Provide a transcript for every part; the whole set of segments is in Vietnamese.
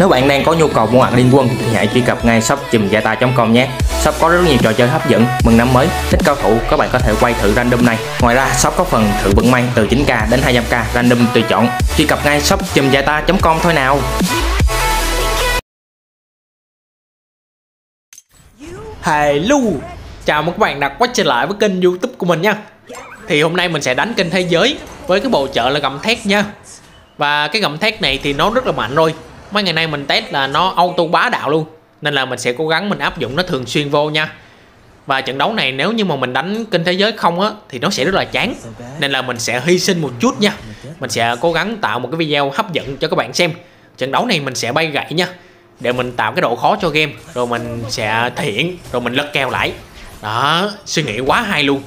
Nếu bạn đang có nhu cầu mua hàng liên quân thì hãy truy cập ngay shop chùm com nhé. Shop có rất nhiều trò chơi hấp dẫn, mừng năm mới, thích cao thủ các bạn có thể quay thử random này. Ngoài ra shop có phần thử vận may từ 9k đến 200k random tùy chọn. Truy cập ngay shop chùm com thôi nào. Hello, chào mừng các bạn đã quay trở lại với kênh youtube của mình nha Thì hôm nay mình sẽ đánh kênh thế giới với cái bộ chợ là gầm thét nha Và cái gầm thét này thì nó rất là mạnh rồi mấy ngày nay mình test là nó auto bá đạo luôn nên là mình sẽ cố gắng mình áp dụng nó thường xuyên vô nha và trận đấu này nếu như mà mình đánh kinh thế giới không á thì nó sẽ rất là chán nên là mình sẽ hy sinh một chút nha mình sẽ cố gắng tạo một cái video hấp dẫn cho các bạn xem trận đấu này mình sẽ bay gậy nha để mình tạo cái độ khó cho game rồi mình sẽ thiện rồi mình lật kèo lại đó suy nghĩ quá hay luôn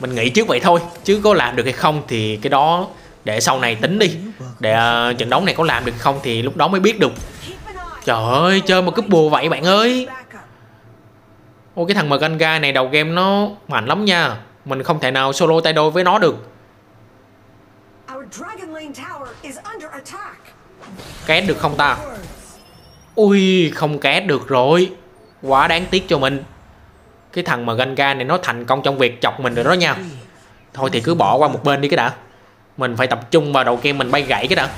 mình nghĩ trước vậy thôi chứ có làm được hay không thì cái đó để sau này tính đi để uh, trận đấu này có làm được không thì lúc đó mới biết được trời ơi chơi mà cứ bùa vậy bạn ơi Ôi cái thằng Mganga này đầu game nó mạnh lắm nha Mình không thể nào solo tay đôi với nó được Két được không ta Ui không két được rồi Quá đáng tiếc cho mình Cái thằng Mganga này nó thành công trong việc chọc mình rồi đó nha Thôi thì cứ bỏ qua một bên đi cái đã mình phải tập trung vào đầu game mình bay gãy cái đã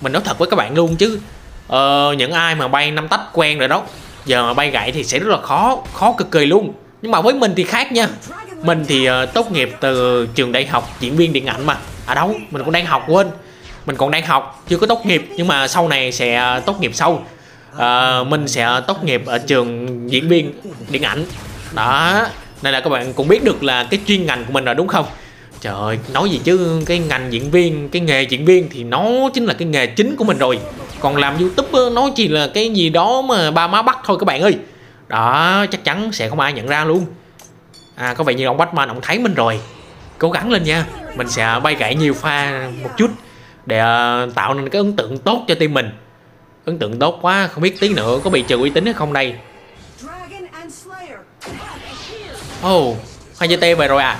mình nói thật với các bạn luôn chứ ờ, những ai mà bay năm tách quen rồi đó giờ mà bay gãy thì sẽ rất là khó khó cực kỳ luôn nhưng mà với mình thì khác nha mình thì uh, tốt nghiệp từ trường đại học diễn viên điện ảnh mà à đâu mình cũng đang học quên mình còn đang học chưa có tốt nghiệp nhưng mà sau này sẽ ờ, tốt nghiệp sau à, mình sẽ tốt nghiệp ở trường diễn viên điện ảnh đó nên là các bạn cũng biết được là cái chuyên ngành của mình rồi đúng không trời ơi nói gì chứ cái ngành diễn viên cái nghề diễn viên thì nó chính là cái nghề chính của mình rồi còn làm youtube nó chỉ là cái gì đó mà ba má bắt thôi các bạn ơi đó chắc chắn sẽ không ai nhận ra luôn à có vẻ như ông Batman ông thấy mình rồi cố gắng lên nha mình sẽ bay gãy nhiều pha một chút để ờ, tạo nên cái ấn tượng tốt cho team mình ấn tượng tốt quá không biết tí nữa có bị trừ uy tín hay không đây oh hai tê về rồi à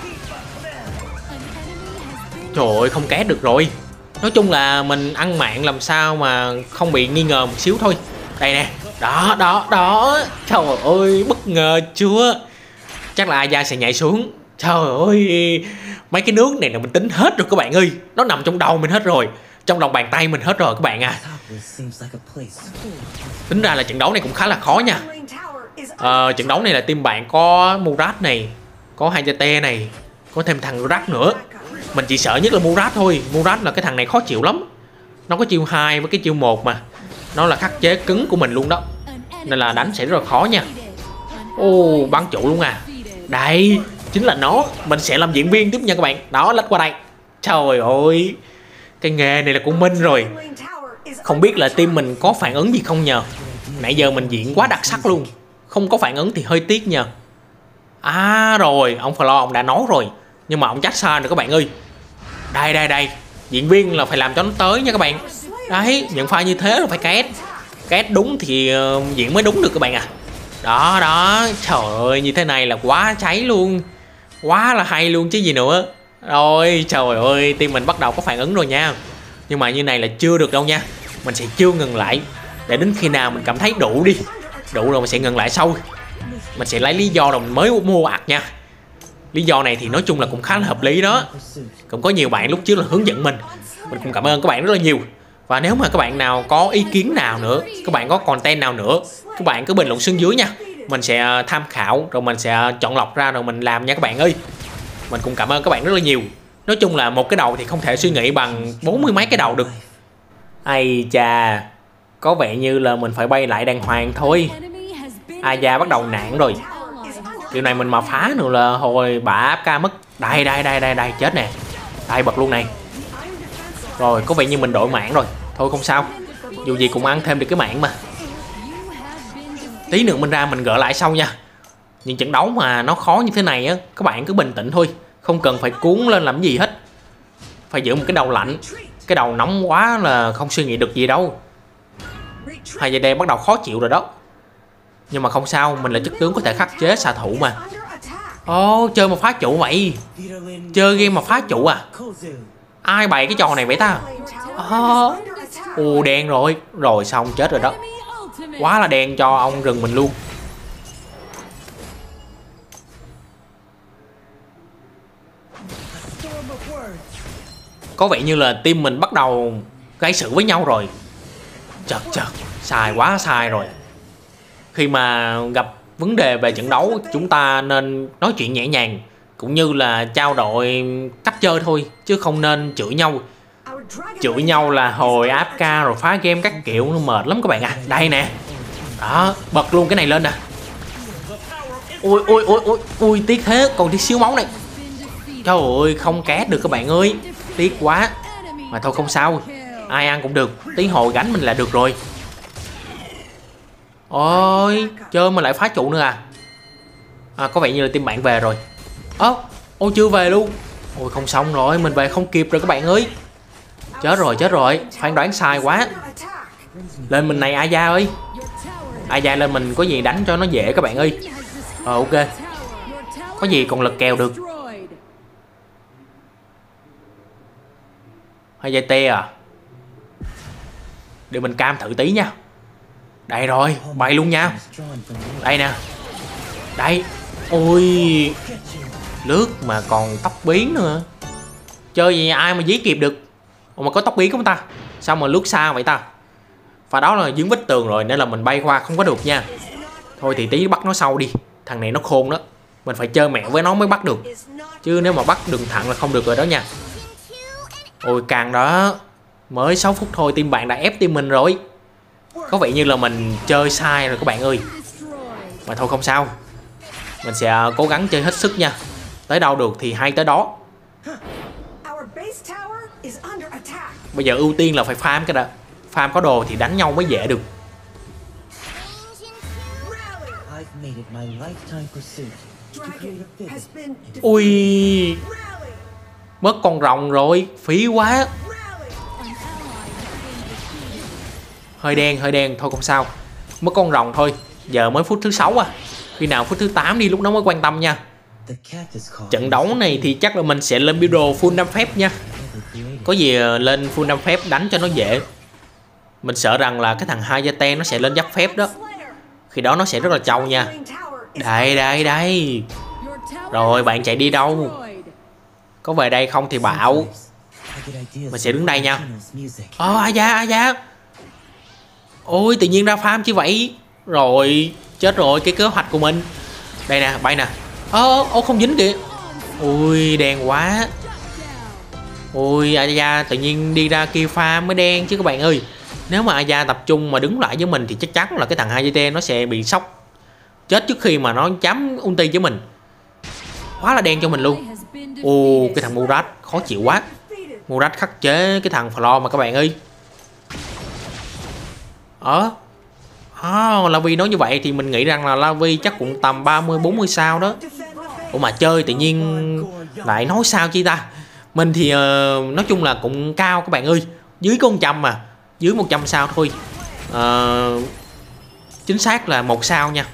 Trời ơi không cá được rồi Nói chung là mình ăn mạng làm sao mà không bị nghi ngờ một xíu thôi Đây nè Đó đó đó Trời ơi bất ngờ chưa Chắc là Aya sẽ nhảy xuống Trời ơi Mấy cái nước này là mình tính hết rồi các bạn ơi Nó nằm trong đầu mình hết rồi Trong lòng bàn tay mình hết rồi các bạn à Tính ra là trận đấu này cũng khá là khó nha Ờ, trận đấu này là team bạn có Murat này Có Hayate này Có thêm thằng Rat nữa mình chỉ sợ nhất là Murat thôi Murat là cái thằng này khó chịu lắm nó có chiêu 2 với cái chiêu 1 mà nó là khắc chế cứng của mình luôn đó nên là đánh sẽ rất là khó nha ô bắn trụ luôn à đây chính là nó mình sẽ làm diễn viên tiếp nha các bạn đó lách qua đây trời ơi cái nghề này là của mình rồi không biết là team mình có phản ứng gì không nhờ nãy giờ mình diễn quá đặc sắc luôn không có phản ứng thì hơi tiếc nhờ à rồi ông flo ông đã nói rồi nhưng mà ông trách sai rồi các bạn ơi đây đây đây diễn viên là phải làm cho nó tới nha các bạn đấy những pha như thế là phải két két đúng thì ờ, diễn mới đúng được các bạn à đó đó trời ơi như thế này là quá cháy luôn quá là hay luôn chứ gì nữa rồi trời ơi tim mình bắt đầu có phản ứng rồi nha nhưng mà như này là chưa được đâu nha mình sẽ chưa ngừng lại để đến khi nào mình cảm thấy đủ đi đủ rồi mình sẽ ngừng lại sau mình sẽ lấy lý do rồi mình mới mua ạc nha lý do này thì nói chung là cũng khá là hợp lý đó cũng có nhiều bạn lúc trước là hướng dẫn mình mình cũng cảm ơn các bạn rất là nhiều và nếu mà các bạn nào có ý kiến nào nữa các bạn có content nào nữa các bạn cứ bình luận xuống dưới nha mình sẽ ờ, tham khảo rồi mình sẽ ờ, chọn lọc ra rồi mình làm nha các bạn ơi mình cũng cảm ơn các bạn rất là nhiều nói chung là một cái đầu thì không thể suy nghĩ bằng bốn mươi mấy cái đầu được ai chà có vẻ như là mình phải bay lại đàng hoàng thôi a da bắt đầu nản rồi điều này mình mà phá nữa là hồi bà ca mất đây đây đây đây đây chết nè đây bật luôn này rồi có vẻ như mình đổi mạng rồi thôi không sao dù gì cũng ăn thêm được cái mạng mà tí nữa mình ra mình gỡ lại sau nha những trận đấu mà nó khó như thế này á các bạn cứ bình tĩnh thôi không cần phải cuốn lên làm gì hết phải giữ một cái đầu lạnh cái đầu nóng quá là không suy nghĩ được gì đâu hai giờ đây bắt đầu khó chịu rồi đó nhưng mà không sao Mình là chức tướng có thể khắc chế xạ thủ mà Ồ oh, chơi mà phá chủ vậy Chơi game mà phá chủ à Ai bày cái trò này vậy ta ờ. Ồ oh. oh, đen rồi Rồi xong chết rồi đó Quá là đen cho ông rừng mình luôn Có vẻ như là team mình bắt đầu gây sự với nhau rồi Chật chật sai quá sai rồi khi mà gặp vấn đề về trận đấu chúng ta nên nói chuyện nhẹ nhàng cũng như là trao đổi cách chơi thôi chứ không nên chửi nhau chửi nhau là hồi áp ca rồi phá game các kiểu nó mệt lắm các bạn à đây nè đó bật luôn cái này lên nè ui ui ui ui ui tiếc thế còn tí xíu máu này trời ơi không cá được các bạn ơi tiếc quá mà thôi không sao ai ăn cũng được tí hồi gánh mình là được rồi Ôi Chơi mà lại phá trụ nữa à À có vẻ như là team bạn về rồi Ơ à, Ôi chưa về luôn Ôi không xong rồi Mình về không kịp rồi các bạn ơi Chết rồi chết rồi Phán đoán sai quá Lên mình này Aya ơi Aya lên mình có gì đánh cho nó dễ các bạn ơi Ờ ok Có gì còn lật kèo được Hay dây te à Để mình cam thử tí nha đây rồi, bay luôn nha Đây nè Đây Ôi Lướt mà còn tóc biến nữa Chơi gì ai mà dí kịp được Ủa mà có tóc biến không ta Sao mà lướt xa vậy ta Và đó là dính vách tường rồi nên là mình bay qua không có được nha Thôi thì tí bắt nó sau đi Thằng này nó khôn đó Mình phải chơi mẹ với nó mới bắt được Chứ nếu mà bắt đường thẳng là không được rồi đó nha Ôi càng đó Mới 6 phút thôi team bạn đã ép team mình rồi có vẻ như là mình chơi sai rồi các bạn ơi mà thôi không sao mình sẽ cố gắng chơi hết sức nha tới đâu được thì hay tới đó bây giờ ưu tiên là phải farm cái đã farm có đồ thì đánh nhau mới dễ được ui mất con rồng rồi phí quá hơi đen hơi đen thôi không sao mới con rồng thôi giờ mới phút thứ sáu à khi nào phút thứ 8 đi lúc đó mới quan tâm nha trận đấu này thì chắc là mình sẽ lên biểu đồ full năm phép nha có gì ờ, lên full năm phép đánh cho nó dễ mình sợ rằng là cái thằng Hayate nó sẽ lên giáp phép đó khi đó nó sẽ rất là trâu nha đây đây đây rồi bạn chạy đi đâu có về đây không thì bảo mình sẽ đứng đây nha ồ ờ, oh, a à, da a à, da ôi tự nhiên ra farm chứ vậy rồi chết rồi cái kế hoạch của mình đây nè bay nè ơ ô, ô không dính kìa ui đen quá ui Aya tự nhiên đi ra kia farm mới đen chứ các bạn ơi nếu mà Aya tập trung mà đứng lại với mình thì chắc chắn là cái thằng hai Hayate nó sẽ bị sốc chết trước khi mà nó chấm ulti với mình quá là đen cho mình luôn ô cái thằng Murat khó chịu quá Murat khắc chế cái thằng Flo mà các bạn ơi ở ờ. oh, ờ, La Vi nói như vậy thì mình nghĩ rằng là La Vi chắc cũng tầm 30 40 sao đó Ủa mà chơi tự nhiên lại nói sao chi ta Mình thì uh, nói chung là cũng cao các bạn ơi Dưới con trăm mà Dưới 100 sao thôi uh, Chính xác là một sao nha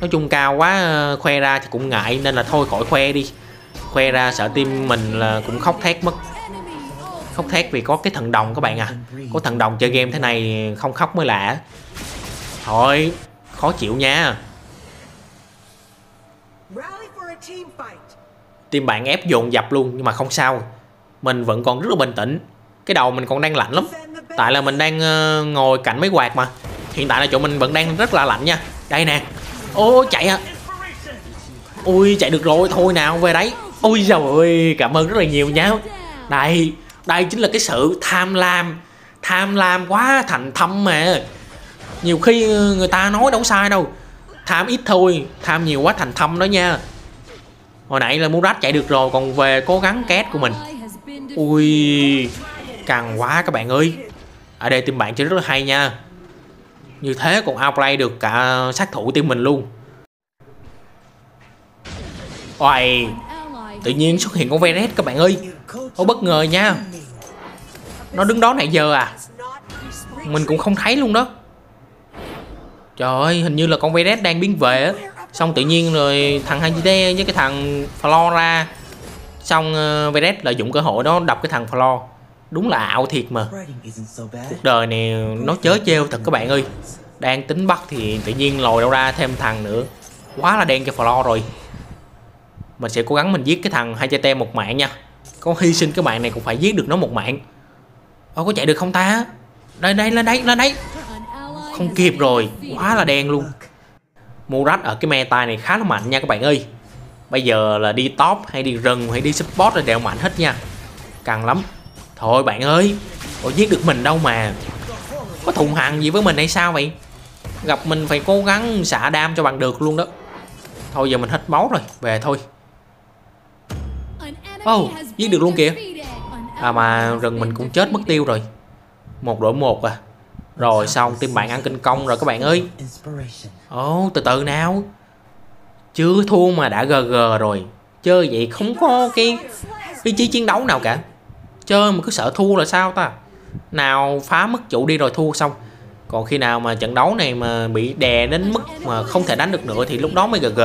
Nói chung cao quá uh, khoe ra thì cũng ngại Nên là thôi khỏi khoe đi Khoe ra sợ tim mình là cũng khóc thét mất khóc thét vì có cái thần đồng các bạn à có thần đồng chơi game thế này không khóc mới lạ thôi khó chịu nha team bạn ép dồn dập luôn nhưng mà không sao mình vẫn còn rất là bình tĩnh cái đầu mình còn đang lạnh lắm tại là mình đang uh, ngồi cạnh mấy quạt mà hiện tại là chỗ mình vẫn đang rất là lạnh nha đây nè ô chạy à ui chạy được rồi thôi nào về đấy ôi giời ơi cảm ơn rất là nhiều nha đây đây chính là cái sự tham lam tham lam quá thành thâm mà nhiều khi người ta nói đâu sai đâu tham ít thôi tham nhiều quá thành thâm đó nha hồi nãy là Murat chạy được rồi còn về cố gắng két của mình ui càng quá các bạn ơi ở đây tìm bạn chơi rất là hay nha như thế còn outplay được cả sát thủ team mình luôn Oài Tự nhiên xuất hiện con Veret các bạn ơi Ô bất ngờ nha Nó đứng đó nãy giờ à Mình cũng không thấy luôn đó Trời ơi hình như là con Vedet đang biến về á Xong tự nhiên rồi thằng Hajide với cái thằng ra, Xong uh, ờ, Vedet lợi dụng cơ hội đó đập cái thằng Flora Đúng là ảo thiệt mà Cuộc đời này nó chớ trêu thật các bạn ơi Đang tính bắt thì tự nhiên lòi đâu ra thêm thằng nữa Quá là đen cho Flora rồi Mình sẽ cố gắng mình giết cái thằng Hajite một mạng nha có hy sinh cái bạn này cũng phải giết được nó một mạng Ô có chạy được không ta Đây đây lên đây lên đây Không kịp rồi Quá là đen luôn Murat ở cái meta này khá là mạnh nha các bạn ơi Bây giờ là đi top hay đi rừng hay đi support là đều mạnh hết nha Càng lắm Thôi bạn ơi Ôi giết được mình đâu mà Có thùng hằn gì với mình hay sao vậy Gặp mình phải cố gắng xả đam cho bằng được luôn đó Thôi giờ mình hết máu rồi Về thôi Oh, giết được luôn kìa À mà rừng mình cũng chết mất tiêu rồi Một đội một à Rồi xong team bạn ăn kinh công rồi các bạn ơi Ồ oh, từ từ nào Chưa thua mà đã GG rồi Chơi vậy không có cái ý chí chiến đấu nào cả Chơi mà cứ sợ thua là sao ta Nào phá mất chủ đi rồi thua xong còn khi nào mà trận đấu này mà bị đè đến mức mà không thể đánh được nữa thì lúc đó mới GG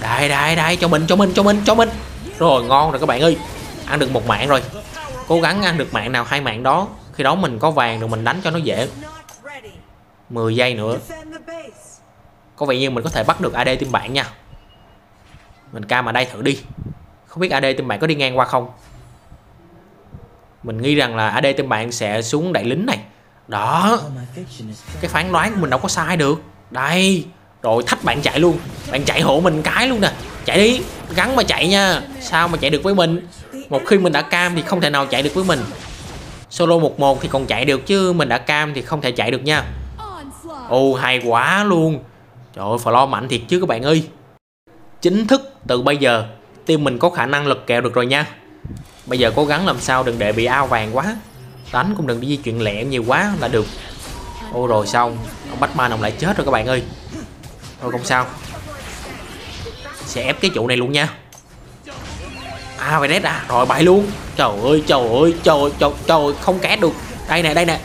đây đây đây cho mình cho mình cho mình cho mình Rồi ngon rồi các bạn ơi Ăn được một mạng rồi Cố gắng ăn được mạng nào hai mạng đó Khi đó mình có vàng rồi mình đánh cho nó dễ 10 giây nữa Có vẻ như mình có thể bắt được AD tim bạn nha Mình ca mà đây thử đi Không biết AD tim bạn có đi ngang qua không Mình nghĩ rằng là AD tim bạn sẽ xuống đại lính này Đó Cái phán đoán của mình đâu có sai được Đây rồi thách bạn chạy luôn Bạn chạy hộ mình cái luôn nè Chạy đi Gắn mà chạy nha Sao mà chạy được với mình Một khi mình đã cam thì không thể nào chạy được với mình Solo một một thì còn chạy được chứ Mình đã cam thì không thể chạy được nha Ồ oh, hay quá luôn Trời ơi lo mạnh thiệt chứ các bạn ơi Chính thức từ bây giờ Team mình có khả năng lật kèo được rồi nha Bây giờ cố gắng làm sao đừng để bị ao vàng quá Đánh cũng đừng đi di chuyển lẹ nhiều quá là được Ôi rồi xong Ông ma ông lại chết rồi các bạn ơi thôi không sao sẽ ép cái trụ này luôn nha à vậy nét à rồi bại luôn trời ơi trời ơi trời trời trời không cá được đây nè đây nè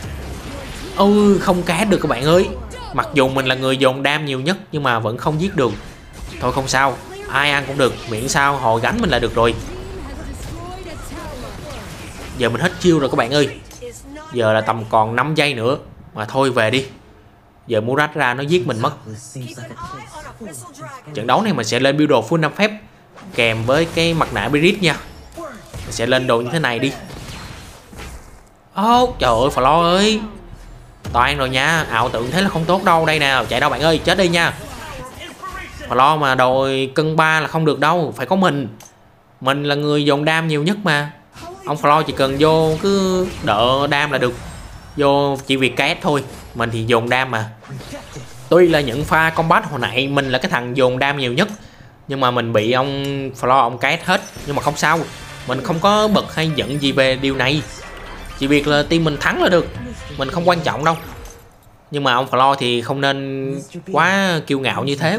ừ không cá được các bạn ơi mặc dù mình là người dồn đam nhiều nhất nhưng mà vẫn không giết được thôi không sao ai ăn cũng được miễn sao họ gánh mình là được rồi giờ mình hết chiêu rồi các bạn ơi giờ là tầm còn 5 giây nữa mà thôi về đi Giờ Murat ra nó giết mình mất Trận đấu này mình sẽ lên build đồ full năm phép Kèm với cái mặt nạ Birit nha Mình sẽ lên đồ như thế này đi Ô oh, trời ơi Flo ơi Toàn rồi nha Ảo tưởng thế là không tốt đâu Đây nào chạy đâu bạn ơi chết đi nha Flo mà đội cân ba là không được đâu Phải có mình Mình là người dồn đam nhiều nhất mà Ông Flo chỉ cần vô cứ đỡ đam là được Vô chỉ việc két thôi Mình thì dồn đam mà Tuy là những pha combat hồi nãy mình là cái thằng dồn đam nhiều nhất Nhưng mà mình bị ông Flo ông cái hết Nhưng mà không sao Mình không có bực hay giận gì về điều này Chỉ việc là team mình thắng là được Mình không quan trọng đâu Nhưng mà ông Flo thì không nên quá kiêu ngạo như thế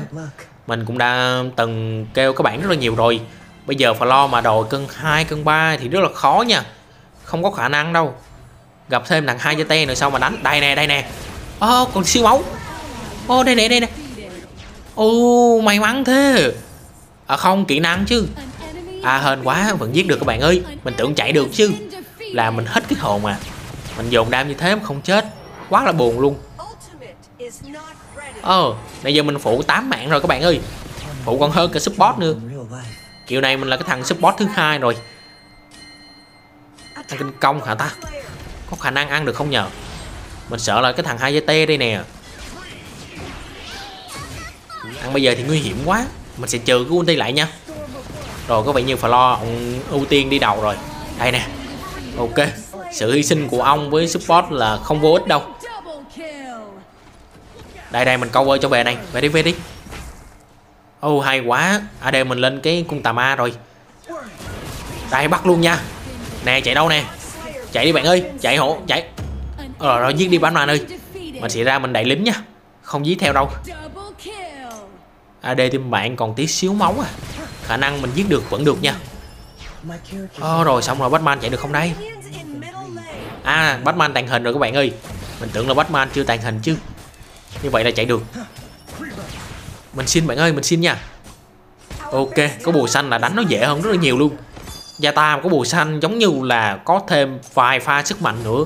Mình cũng đã từng kêu các bạn rất là nhiều rồi Bây giờ Flo mà đòi cân 2, cân 3 thì rất là khó nha Không có khả năng đâu Gặp thêm thằng hai T nữa sao mà đánh Đây nè, đây nè Ồ, ờ, oh, còn siêu máu Ồ, ờ, oh, đây này, đây này Ồ, oh, may mắn thế À không, kỹ năng chứ À hên quá, vẫn giết được các bạn ơi Mình tưởng chạy được chứ Là mình hết cái hồn à Mình dồn đam như thế mà không chết Quá là buồn luôn Ờ, oh, nãy giờ mình phụ 8 mạng rồi các bạn ơi Phụ còn hơn cả support nữa Kiểu này mình là cái thằng support thứ hai rồi Ăn kinh công hả ta Có khả năng ăn được không nhờ mình sợ là cái thằng hai dây tê đây nè ăn bây giờ thì nguy hiểm quá mình sẽ trừ cái ulti lại nha rồi có vẻ như phải lo ưu tiên đi đầu rồi đây nè ok sự hy sinh của ông với support là không vô ích đâu đây đây mình câu ơi cho về này về đi về đi ô oh, hay quá ở đây mình lên cái cung tà ma rồi đây bắt luôn nha nè chạy đâu nè chạy đi bạn ơi chạy hộ chạy Ờ rồi giết đi bạn bạn ơi Mình sẽ ra mình đẩy lính nha Không dí theo đâu AD team bạn còn tí xíu máu à Khả năng mình giết được vẫn được nha Ờ rồi xong rồi Batman chạy được không đây À Batman tàn hình rồi các bạn ơi Mình tưởng là Batman chưa tàn hình chứ Như vậy là chạy được Mình xin bạn ơi mình xin nha Ok có bùa xanh là đánh nó dễ hơn rất là nhiều luôn Gia ta có bùa xanh giống như là có thêm vài pha sức mạnh nữa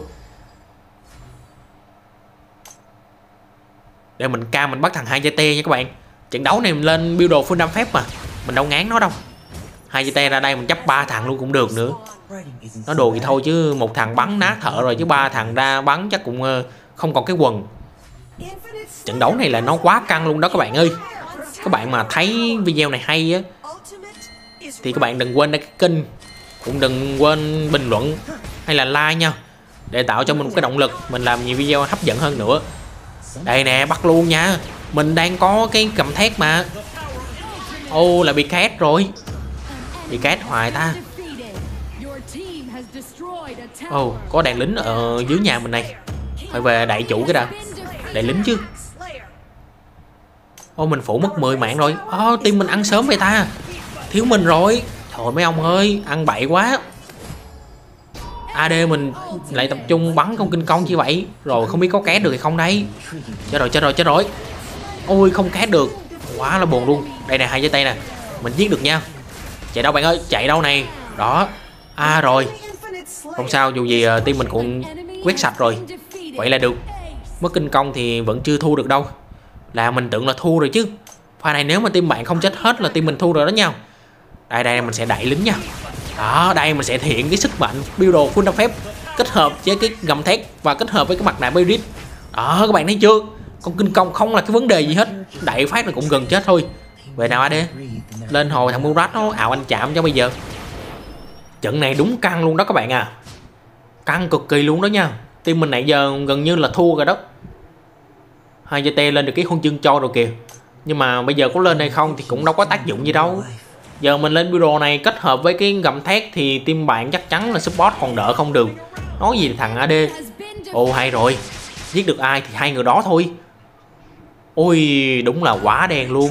để mình cao mình bắt thằng hai gt nha các bạn trận đấu này mình lên build đồ full năm phép mà mình đâu ngán nó đâu hai gt ra đây mình chấp ba thằng luôn cũng được nữa nó đồ thì thôi chứ một thằng bắn ná thở rồi chứ ba thằng ra bắn chắc cũng ờ, không còn cái quần trận đấu này là nó quá căng luôn đó các bạn ơi các bạn mà thấy video này hay á thì các bạn đừng quên đăng ký kênh cũng đừng quên bình luận hay là like nha để tạo cho mình một cái động lực mình làm nhiều video hấp dẫn hơn nữa đây nè bắt luôn nha Mình đang có cái cầm thét mà Ô là bị két rồi Bị két hoài ta Ồ có đàn lính ở dưới nhà mình này Phải về đại chủ cái đã Đại lính chứ Ô mình phủ mất 10 mạng rồi Ô tim mình ăn sớm vậy ta Thiếu mình rồi Thôi mấy ông ơi ăn bậy quá AD mình lại tập trung bắn không kinh công như vậy Rồi không biết có két được hay không đấy Chết rồi chết rồi chết rồi Ôi không két được Quá là buồn luôn Đây nè hai dây tay nè Mình giết được nha Chạy đâu bạn ơi chạy đâu này Đó À rồi Không sao dù gì ờ, team mình cũng quét sạch rồi Vậy là được Mất kinh công thì vẫn chưa thu được đâu Là mình tưởng là thu rồi chứ Pha này nếu mà team bạn không chết hết là team mình thu rồi đó nha Đây đây mình sẽ đẩy lính nha đó đây mình sẽ thể hiện cái sức mạnh biểu đồ full năm phép kết hợp với cái gầm thét và kết hợp với cái mặt nạ Beirut. Đó các bạn thấy chưa? Con kinh công không là cái vấn đề gì hết. Đại phát là cũng gần chết thôi. Về nào AD? Lên hồi thằng Murat nó ảo anh chạm cho bây giờ. Trận này đúng căng luôn đó các bạn à. Căng cực kỳ luôn đó nha. Team mình nãy giờ gần như là thua rồi đó. Hai GT lên được cái huân chương cho rồi kìa. Nhưng mà bây giờ có lên hay không thì cũng đâu có tác dụng gì đâu giờ mình lên bureau này kết hợp với cái gầm thét thì team bạn chắc chắn là support còn đỡ không được nói gì thằng AD ồ hay rồi giết được ai thì hai người đó thôi ôi đúng là quá đen luôn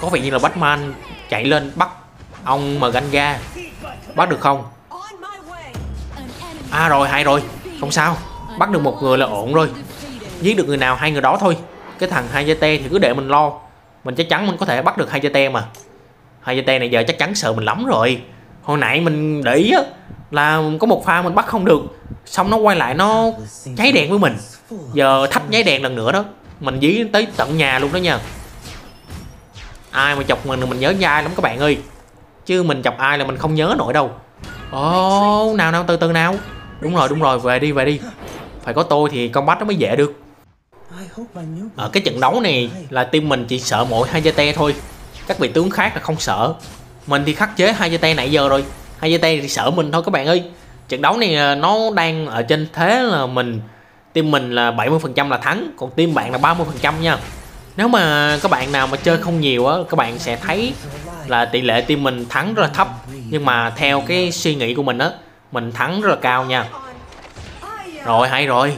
có vẻ như là Batman chạy lên bắt ông mà ganh ga bắt được không à rồi hay rồi không sao bắt được một người là ổn rồi giết được người nào hai người đó thôi cái thằng hai te thì cứ để mình lo mình chắc chắn mình có thể bắt được hai te mà hai te này giờ chắc chắn sợ mình lắm rồi hồi nãy mình để ý á là có một pha mình bắt không được xong nó quay lại nó cháy đèn với mình giờ thách ừ. nháy đèn lần nữa đó mình dí tới tận nhà luôn đó nha ai mà chọc mình mình nhớ dai lắm các bạn ơi chứ mình chọc ai là mình không nhớ nổi đâu ồ oh, nào nào từ từ nào đúng rồi đúng rồi về đi về đi phải có tôi thì combat nó mới dễ được ở ờ, cái trận đấu này là team mình chỉ sợ mỗi Hayate thôi các vị tướng khác là không sợ mình thì khắc chế hai Hayate nãy giờ rồi hai Hayate thì sợ mình thôi các bạn ơi trận đấu này ờ, nó đang ở trên thế là mình team mình là 70% là thắng còn team bạn là 30% nha nếu mà các bạn nào mà chơi không nhiều á các bạn sẽ thấy là tỷ lệ team mình thắng rất là thấp nhưng mà theo cái suy nghĩ của mình á mình thắng rất là cao nha rồi hay rồi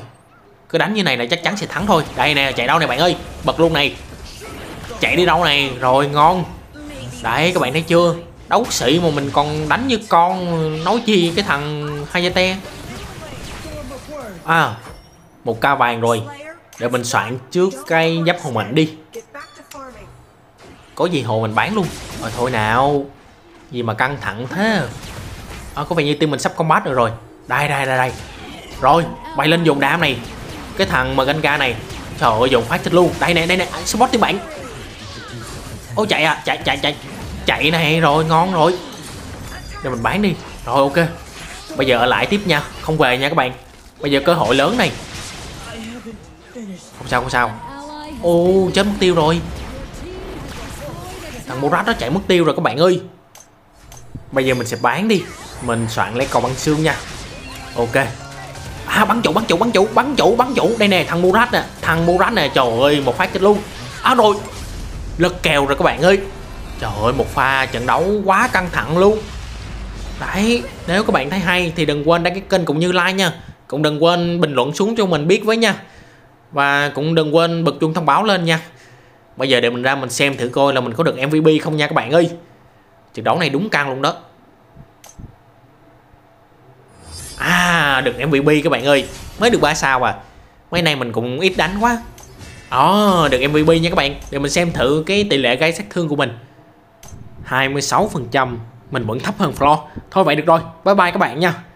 cứ đánh như này là chắc chắn sẽ thắng thôi đây nè chạy đâu nè bạn ơi bật luôn này chạy đi đâu này rồi ngon đấy các bạn thấy chưa đấu sĩ mà mình còn đánh như con nói chi cái thằng Hayate à một ca vàng rồi để mình soạn trước cây giáp hồn mạnh đi có gì hồ mình bán luôn rồi thôi nào gì mà căng thẳng thế à, có vẻ như team mình sắp combat rồi rồi đây đây đây đây rồi bay lên dùng đám này cái thằng mà ganh ga này trời ơi dùng phát thịt luôn đây này đây này support tiếng bạn ôi chạy à chạy chạy chạy chạy này rồi ngon rồi để mình bán đi rồi ok bây giờ ở lại tiếp nha không về nha các bạn bây giờ cơ hội lớn này không sao không sao ô chết mất tiêu rồi thằng Murat nó chạy mất tiêu rồi các bạn ơi bây giờ mình sẽ bán đi mình soạn lấy cầu băng xương nha ok à bắn trụ bắn trụ bắn trụ bắn trụ bắn trụ đây nè thằng murat nè thằng murat nè trời ơi một phát chết luôn à rồi lật kèo rồi các bạn ơi trời ơi một pha trận đấu quá căng thẳng luôn đấy nếu các bạn thấy hay thì đừng quên đăng ký kênh cũng như like nha cũng đừng quên bình luận xuống cho mình biết với nha và cũng đừng quên bật chuông thông báo lên nha bây giờ để mình ra mình xem thử coi là mình có được mvp không nha các bạn ơi trận đấu này đúng căng luôn đó à được MVP các bạn ơi mới được 3 sao à mấy này mình cũng ít đánh quá Ồ, oh, được MVP nha các bạn Để mình xem thử cái tỷ lệ gây sát thương của mình 26% Mình vẫn thấp hơn floor Thôi vậy được rồi Bye bye các bạn nha